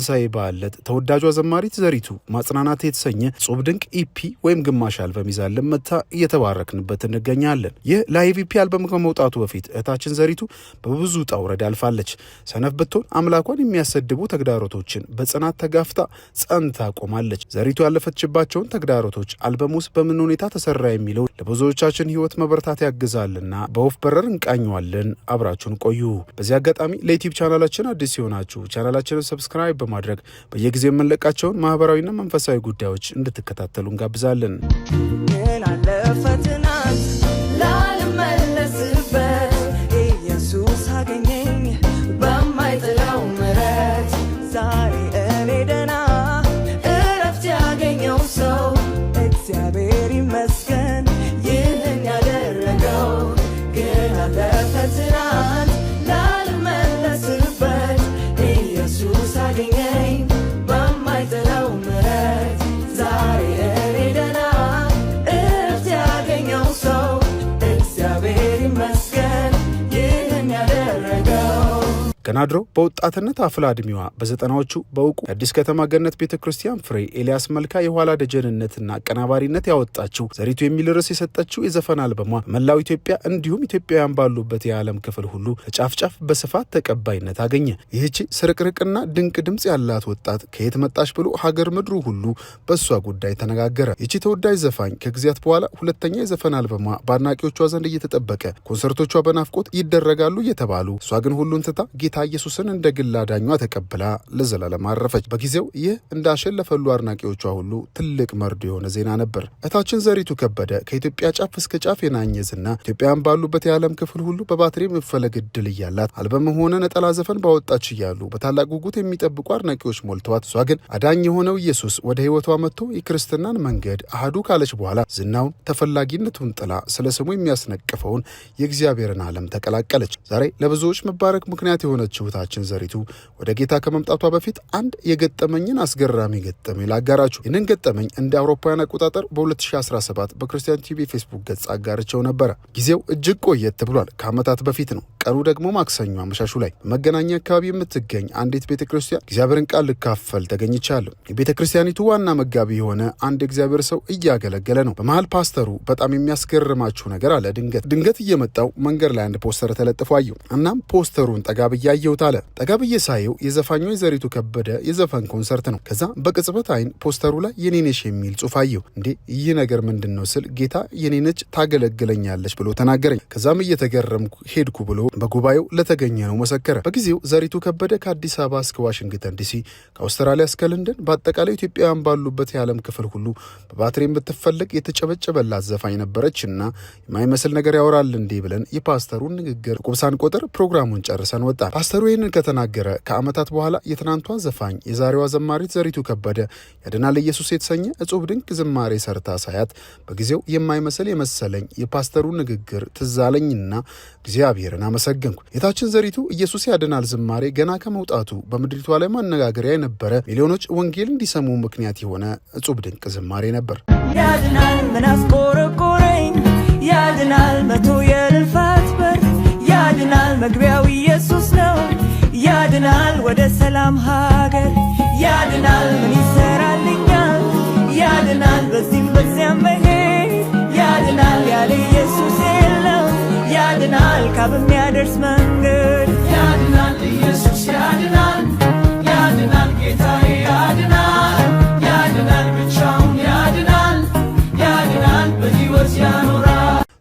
ትንሣኤ በዓል ተወዳጇ ዘማሪት ዘሪቱ ማጽናናት የተሰኘ ጹብ ድንቅ ኢፒ ወይም ግማሽ አልበም ይዛለን መታ እየተባረክንበት እንገኛለን። ይህ ላይቭ ኢፒ አልበም ከመውጣቱ በፊት እህታችን ዘሪቱ በብዙ ውጣ ውረድ አልፋለች። ሰነፍ ብትሆን አምላኳን የሚያሰድቡ ተግዳሮቶችን በጽናት ተጋፍታ ጸንታ ቆማለች። ዘሪቱ ያለፈችባቸውን ተግዳሮቶች አልበም ውስጥ በምን ሁኔታ ተሰራ የሚለው ለብዙዎቻችን ህይወት መበረታት ያግዛልና በወፍ በረር እንቃኘዋለን። አብራችሁን ቆዩ። በዚህ አጋጣሚ ለዩቲዩብ ቻናላችን አዲስ ሲሆናችሁ ቻናላችንን ሰብስክራይብ በማድረግ በየጊዜው የምንለቃቸውን ማህበራዊና መንፈሳዊ ጉዳዮች እንድትከታተሉ እንጋብዛለን። ተናድሮ በወጣትነት አፍላ ዕድሜዋ በዘጠናዎቹ በእውቁ አዲስ ከተማ ገነት ቤተ ክርስቲያን ፍሬ ኤልያስ መልካ የኋላ ደጀንነትና አቀናባሪነት ያወጣችው ዘሪቱ የሚል ርዕስ የሰጠችው የዘፈን አልበሟ መላው ኢትዮጵያ እንዲሁም ኢትዮጵያውያን ባሉበት የዓለም ክፍል ሁሉ ተጫፍጫፍ በስፋት ተቀባይነት አገኘ። ይህች ስርቅርቅና ድንቅ ድምፅ ያላት ወጣት ከየት መጣች ብሎ ሀገር ምድሩ ሁሉ በእሷ ጉዳይ ተነጋገረ። ይቺ ተወዳጅ ዘፋኝ ከጊዜያት በኋላ ሁለተኛ የዘፈን አልበሟ በአድናቂዎቿ ዘንድ እየተጠበቀ ኮንሰርቶቿ በናፍቆት ይደረጋሉ እየተባሉ እሷ ግን ሁሉን ትታ ጌታ ኢየሱስን እንደ ግል አዳኟ ተቀብላ ለዘላለም አረፈች። በጊዜው ይህ እንዳሸለፈሉ አድናቂዎቿ ሁሉ ትልቅ መርዶ የሆነ ዜና ነበር። እህታችን ዘሪቱ ከበደ ከኢትዮጵያ ጫፍ እስከ ጫፍ የናኘ ዝና ባሉበት የዓለም ክፍል ሁሉ በባትሪ መፈለግ እድል እያላት አልበም ሆነ ነጠላ ዘፈን ባወጣች እያሉ በታላቅ ጉጉት የሚጠብቁ አድናቂዎች ሞልተዋት፣ እሷ ግን አዳኝ የሆነው ኢየሱስ ወደ ህይወቷ መጥቶ የክርስትናን መንገድ አህዱ ካለች በኋላ ዝናውን ተፈላጊነቱን ጥላ ስለ ስሙ የሚያስነቅፈውን የእግዚአብሔርን ዓለም ተቀላቀለች። ዛሬ ለብዙዎች መባረክ ምክንያት የሆነች የሆነች እህታችን ዘሪቱ ወደ ጌታ ከመምጣቷ በፊት አንድ የገጠመኝን አስገራሚ ገጠመኝ ላጋራችሁ። ይህንን ገጠመኝ እንደ አውሮፓውያን አቆጣጠር በ2017 በክርስቲያን ቲቪ ፌስቡክ ገጽ አጋርቸው ነበረ። ጊዜው እጅግ ቆየት ብሏል። ከዓመታት በፊት ነው። ቀኑ ደግሞ ማክሰኞ አመሻሹ ላይ በመገናኛ አካባቢ የምትገኝ አንዲት ቤተ ክርስቲያን እግዚአብሔርን ቃል ልካፈል ተገኝቻለሁ። የቤተ ክርስቲያኒቱ ዋና መጋቢ የሆነ አንድ እግዚአብሔር ሰው እያገለገለ ነው። በመሀል ፓስተሩ በጣም የሚያስገርማችሁ ነገር አለ። ድንገት ድንገት እየመጣው መንገድ ላይ አንድ ፖስተር ተለጥፎ አየሁ። እናም ፖስተሩን ጠጋ አየሁት አለ። ጠጋ ብዬ ሳየው የዘፋኟ ዘሪቱ ከበደ የዘፈን ኮንሰርት ነው። ከዛ በቅጽበት አይን ፖስተሩ ላይ የኔነሽ የሚል ጽሑፍ አየሁ። እንዴ ይህ ነገር ምንድን ነው ስል ጌታ የኔነች ታገለግለኛለች ብሎ ተናገረኝ። ከዛም እየተገረምኩ ሄድኩ ብሎ በጉባኤው ለተገኘ ነው መሰከረ። በጊዜው ዘሪቱ ከበደ ከአዲስ አበባ እስከ ዋሽንግተን ዲሲ፣ ከአውስትራሊያ እስከ ለንደን፣ በአጠቃላይ ኢትዮጵያውያን ባሉበት የዓለም ክፍል ሁሉ በባትሪ የምትፈለግ የተጨበጨበላት ዘፋኝ ነበረች እና የማይመስል ነገር ያወራል እንዴ ብለን የፓስተሩን ንግግር ቁብሳን ቆጥር ፕሮግራሙን ጨርሰን ወጣ። ሚኒስተሩ ይህንን ከተናገረ ከዓመታት በኋላ የትናንቷ ዘፋኝ የዛሬዋ ዘማሪት ዘሪቱ ከበደ ያድናል ኢየሱስ የተሰኘ እጹብ ድንቅ ዝማሬ ሰርታ ሳያት በጊዜው የማይመስል የመሰለኝ የፓስተሩ ንግግር ትዛለኝና እግዚአብሔርን አመሰገንኩ። የታችን ዘሪቱ ኢየሱስ ያድናል ዝማሬ ገና ከመውጣቱ በምድሪቷ ላይ ማነጋገሪያ የነበረ ሚሊዮኖች ወንጌል እንዲሰሙ ምክንያት የሆነ እጹብ ድንቅ ዝማሬ ነበር። ያድናል ያድናል መቶ የልፋት ያድናል መግቢያው ኢየሱስ ነው። ያድናል ወደ ሰላም ሀገር ያድናል ምን ይሰራልኛል? ያድናል በዚህም በዚያም መሄ ያድናል ያለ ኢየሱስ የለም። ያድናል ካብም መንገድ ያድናል ኢየሱስ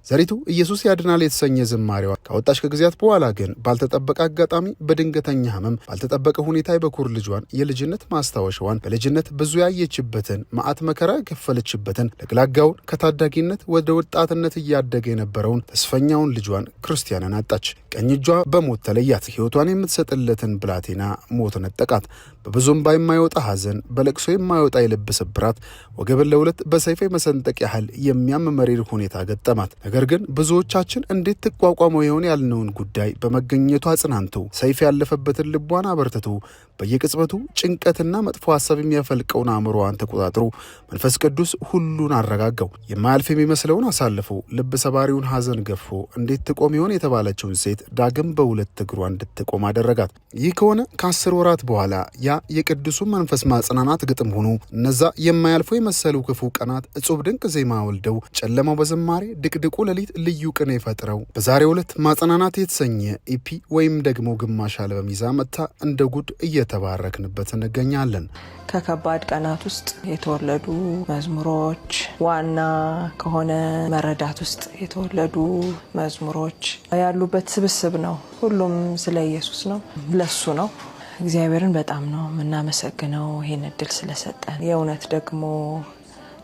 ዘሪቱ ኢየሱስ ያድናል የተሰኘ ዝማሬዋ ካወጣች ከጊዜያት በኋላ ግን ባልተጠበቀ አጋጣሚ በድንገተኛ ህመም ባልተጠበቀ ሁኔታ የበኩር ልጇን የልጅነት ማስታወሻዋን በልጅነት ብዙ ያየችበትን መዓት መከራ የከፈለችበትን ለግላጋውን ከታዳጊነት ወደ ወጣትነት እያደገ የነበረውን ተስፈኛውን ልጇን ክርስቲያንን አጣች። ቀኝ እጇ በሞት ተለያት። ህይወቷን የምትሰጥለትን ብላቴና ሞት ነጠቃት። በብዙም ባይማይወጣ የማይወጣ ሐዘን፣ በለቅሶ የማይወጣ የልብ ስብራት፣ ወገብን ለሁለት በሰይፍ መሰንጠቅ ያህል የሚያም መሪር ሁኔታ ገጠማት። ነገር ግን ብዙዎቻችን እንዴት ትቋቋመው ይሆን ያልነውን ጉዳይ በመገኘቱ አጽናንቶ ሰይፍ ያለፈበትን ልቧን አበርትቶ በየቅጽበቱ ጭንቀትና መጥፎ ሀሳብ የሚያፈልቀውን አእምሮዋን ተቆጣጥሮ መንፈስ ቅዱስ ሁሉን አረጋጋው። የማያልፍ የሚመስለውን አሳልፎ ልብ ሰባሪውን ሐዘን ገፎ እንዴት ትቆም ይሆን የተባለችውን ሴት ዳግም በሁለት እግሯ እንድትቆም አደረጋት። ይህ ከሆነ ከአስር ወራት በኋላ ያ የቅዱሱ መንፈስ ማጽናናት ግጥም ሆኖ እነዛ የማያልፉ የመሰሉ ክፉ ቀናት እጹብ ድንቅ ዜማ ወልደው ጨለማው በዝማሬ ድቅድቁ ሌሊት ልዩ ቅኔ ፈጥረው በዛሬው ዕለት ማጽናናት የተሰኘ ኢፒ ወይም ደግሞ ግማሽ አልበም ይዛ መጥታ እንደ ጉድ እየ እየተባረክንበት እንገኛለን። ከከባድ ቀናት ውስጥ የተወለዱ መዝሙሮች ዋና ከሆነ መረዳት ውስጥ የተወለዱ መዝሙሮች ያሉበት ስብስብ ነው። ሁሉም ስለ ኢየሱስ ነው፣ ለሱ ነው። እግዚአብሔርን በጣም ነው የምናመሰግነው ይህን እድል ስለሰጠን የእውነት ደግሞ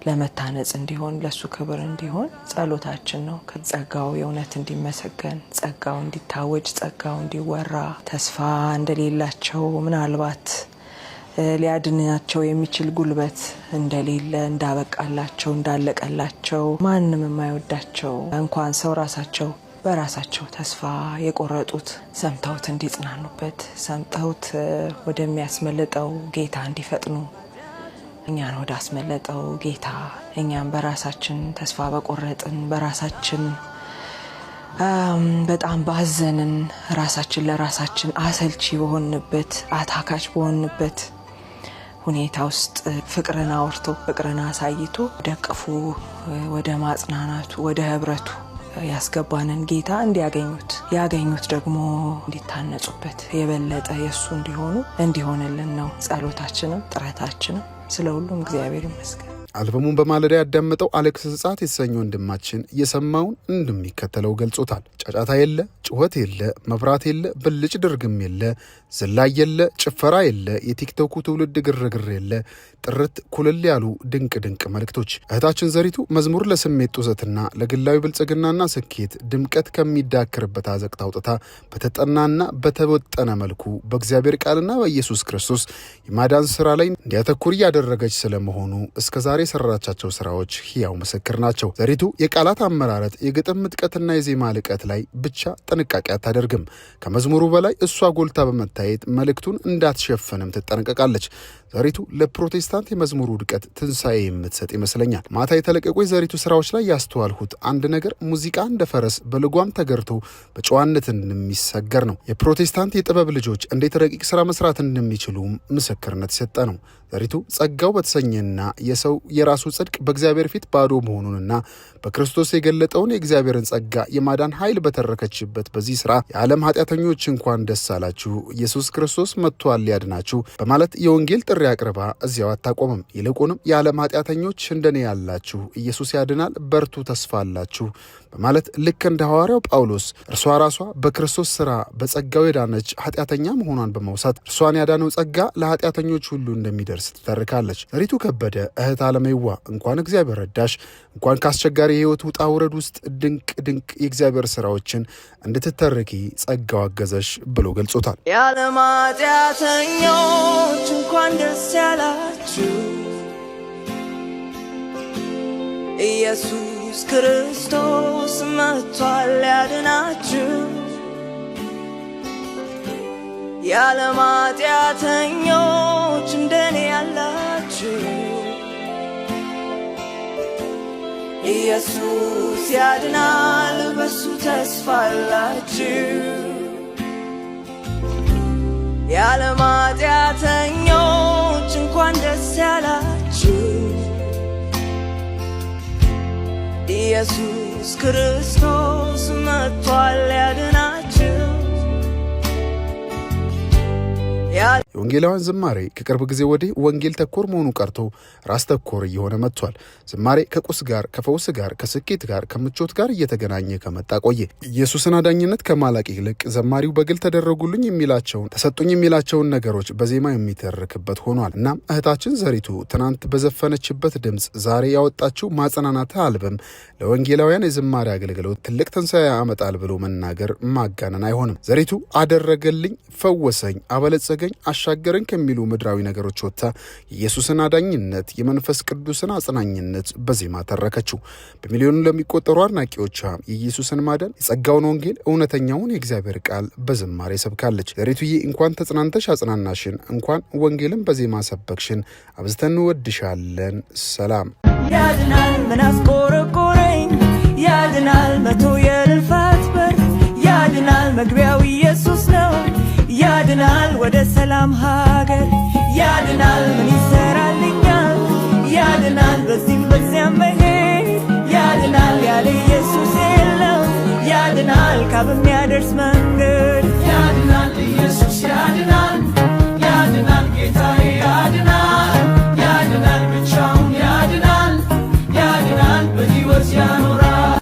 ለመታነጽ እንዲሆን ለእሱ ክብር እንዲሆን ጸሎታችን ነው። ጸጋው የእውነት እንዲመሰገን፣ ጸጋው እንዲታወጅ፣ ጸጋው እንዲወራ ተስፋ እንደሌላቸው ምናልባት ሊያድናቸው የሚችል ጉልበት እንደሌለ እንዳበቃላቸው እንዳለቀላቸው ማንም የማይወዳቸው እንኳን ሰው ራሳቸው በራሳቸው ተስፋ የቆረጡት ሰምተውት እንዲጽናኑበት ሰምተውት ወደሚያስመልጠው ጌታ እንዲፈጥኑ እኛን ወደ አስመለጠው ጌታ እኛም በራሳችን ተስፋ በቆረጥን በራሳችን በጣም ባዘንን ራሳችን ለራሳችን አሰልቺ በሆንበት አታካች በሆንበት ሁኔታ ውስጥ ፍቅርን አውርቶ ፍቅርን አሳይቶ ወደ ቅፉ ወደ ማጽናናቱ ወደ ህብረቱ ያስገባንን ጌታ እንዲያገኙት ያገኙት ደግሞ እንዲታነጹበት የበለጠ የእሱ እንዲሆኑ እንዲሆንልን ነው ጸሎታችንም ጥረታችንም። ስለ ሁሉም እግዚአብሔር ይመስገን። አልበሙን በማለዳ ያዳመጠው አሌክስ ህጻት የተሰኘ ወንድማችን የሰማውን እንደሚከተለው ገልጾታል። ጫጫታ የለ፣ ጩኸት የለ፣ መብራት የለ፣ ብልጭ ድርግም የለ፣ ዝላይ የለ፣ ጭፈራ የለ፣ የቲክቶኩ ትውልድ ግርግር የለ፣ ጥርት ኩልል ያሉ ድንቅ ድንቅ መልእክቶች። እህታችን ዘሪቱ መዝሙር ለስሜት ጡዘትና ለግላዊ ብልጽግናና ስኬት ድምቀት ከሚዳክርበት አዘቅት አውጥታ በተጠናና በተወጠነ መልኩ በእግዚአብሔር ቃልና በኢየሱስ ክርስቶስ የማዳን ስራ ላይ እንዲያተኩር እያደረገች ስለመሆኑ እስከዛሬ የሰራቻቸው ስራዎች ህያው ምስክር ናቸው። ዘሪቱ የቃላት አመራረጥ፣ የግጥም ምጥቀትና የዜማ ልቀት ላይ ብቻ ጥንቃቄ አታደርግም። ከመዝሙሩ በላይ እሷ ጎልታ በመታየት መልእክቱን እንዳትሸፍንም ትጠነቀቃለች። ዘሪቱ ለፕሮቴስታንት የመዝሙሩ ውድቀት ትንሣኤ የምትሰጥ ይመስለኛል። ማታ የተለቀቁ የዘሪቱ ስራዎች ላይ ያስተዋልሁት አንድ ነገር ሙዚቃ እንደ ፈረስ በልጓም ተገርቶ በጨዋነት እንደሚሰገር ነው። የፕሮቴስታንት የጥበብ ልጆች እንዴት ረቂቅ ስራ መስራት እንደሚችሉ ምስክርነት የሰጠ ነው። ዘሪቱ ጸጋው በተሰኘና የሰው የራሱ ጽድቅ በእግዚአብሔር ፊት ባዶ መሆኑንና በክርስቶስ የገለጠውን የእግዚአብሔርን ጸጋ የማዳን ኃይል በተረከችበት በዚህ ስራ የዓለም ኃጢአተኞች እንኳን ደስ አላችሁ ኢየሱስ ክርስቶስ መጥቷል ሊያድናችሁ በማለት የወንጌል ጥሪ አቅርባ እዚያው አታቆምም። ይልቁንም የዓለም ኃጢአተኞች እንደኔ ያላችሁ ኢየሱስ ያድናል፣ በርቱ፣ ተስፋ አላችሁ በማለት ልክ እንደ ሐዋርያው ጳውሎስ እርሷ ራሷ በክርስቶስ ስራ በጸጋው የዳነች ኃጢአተኛ መሆኗን በማውሳት እርሷን ያዳነው ጸጋ ለኃጢአተኞች ሁሉ እንደሚደርስ ትተርካለች። ሪቱ ከበደ እህት አለም ሜዋ እንኳን እግዚአብሔር ረዳሽ፣ እንኳን ከአስቸጋሪ የህይወት ውጣ ውረድ ውስጥ ድንቅ ድንቅ የእግዚአብሔር ስራዎችን እንድትተርኪ ጸጋው አገዘሽ ብሎ ገልጾታል። የዓለም ኃጢአተኞች እንኳን ደስ ያላችሁ ኢየሱስ ክርስቶስ መጥቷል ያድናችሁ የዓለም ኃጢአተኞች እንደኔ ያላችሁ ኢየሱስ ያድናል፣ በሱ ተስፋ አላችሁ። የዓለም ኃጢአተኞች እንኳን ደስ ያላችሁ። ኢየሱስ ክርስቶስ መጥቷል ያድናል የወንጌላውያን ዝማሬ ከቅርብ ጊዜ ወዲህ ወንጌል ተኮር መሆኑ ቀርቶ ራስ ተኮር እየሆነ መጥቷል። ዝማሬ ከቁስ ጋር፣ ከፈውስ ጋር፣ ከስኬት ጋር፣ ከምቾት ጋር እየተገናኘ ከመጣ ቆየ። ኢየሱስን አዳኝነት ከማላቅ ይልቅ ዘማሪው በግል ተደረጉልኝ የሚላቸውን ተሰጡኝ የሚላቸውን ነገሮች በዜማ የሚተርክበት ሆኗል። እናም እህታችን ዘሪቱ ትናንት በዘፈነችበት ድምፅ ዛሬ ያወጣችው ማጽናናት አልበም ለወንጌላውያን የዝማሬ አገልግሎት ትልቅ ትንሣኤ ያመጣል ብሎ መናገር ማጋነን አይሆንም። ዘሪቱ አደረገልኝ፣ ፈወሰኝ፣ አበለጸገኝ፣ አሻ ተሻገርን ከሚሉ ምድራዊ ነገሮች ወጥታ የኢየሱስን አዳኝነት፣ የመንፈስ ቅዱስን አጽናኝነት በዜማ ተረከችው። በሚሊዮኑ ለሚቆጠሩ አድናቂዎቿ የኢየሱስን ማደን የጸጋውን ወንጌል፣ እውነተኛውን የእግዚአብሔር ቃል በዝማሬ ሰብካለች። ዘሪቱዬ እንኳን ተጽናንተሽ አጽናናሽን፣ እንኳን ወንጌልን በዜማ ሰበክሽን። አብዝተን እንወድሻለን። ሰላም። ያድናል ምን አስቆረቆረኝ? ያድናል መቶ የልፋት በር ያድናል መግቢያው ኢየሱስ ነው። ያድናል ወደ ሰላም ሀገር ያድናል ምን ይሰራልኛል ያድናል በዚህም በዚያም መሄድ ያድናል ያለ ኢየሱስ የለም ያድናል ካብሚያደርስ መንገድ